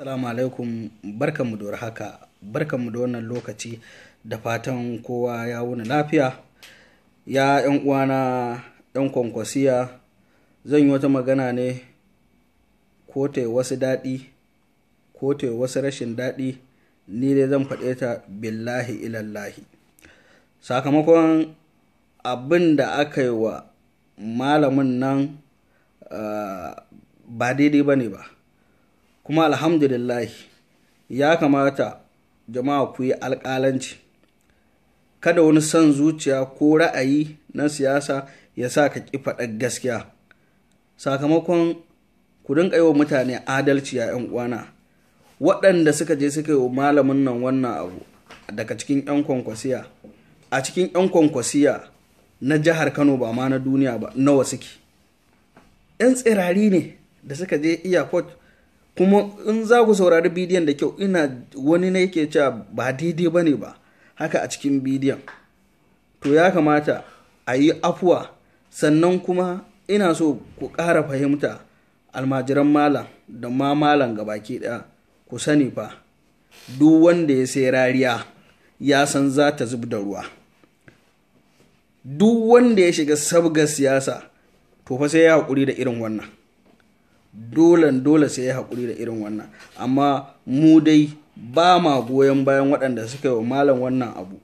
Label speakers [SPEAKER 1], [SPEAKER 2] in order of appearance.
[SPEAKER 1] Assalamu alaikum barkanmu da haka barkanmu da wannan lokaci da fatan kowa ya wuni lafiya ya yan uwana yan kwankwasiya zan yi wata magana ne ko ta wasu daɗi ko ta wasu rashin daɗi ni dai zan faɗe ta billahi ilallahi sakamakon abin da aka yi wa malamin nan ah, ba daidai ba ne ba kuma alhamdulillah ya kamata jama'a ku yi alƙalanci kada wani son zuciya ko ra'ayi na siyasa ya sa ka ƙi faɗar gaskiya sakamakon ku dinga yi wa mutane adalci a 'yan uwana waɗanda suka je suka yi wa malamin nan wannan abu daga cikin 'yan kwankwasiya a cikin 'yan kwankwasiya na jihar kano ba ma na duniya ba nawa suke 'yan tsirari ne da suka je iyakot kuma in za ku saurari bidiyon da kyau ina wani na yake cewa ba daidai ba ne ba haka a cikin bidiyon to ya kamata a yi afuwa sannan kuma ina so ku ƙara fahimta almajiran malam da ma malam baki ɗaya ku sani fa duk wanda ya sai rariya ya san za ta zub da ruwa duk wanda ya shiga sabgar siyasa to fa sai ya haƙuri da irin wannan dole dole sai ya haƙuri da irin wannan amma mu dai ba ma goyon bayan waɗanda suka yi wa malam wannan abu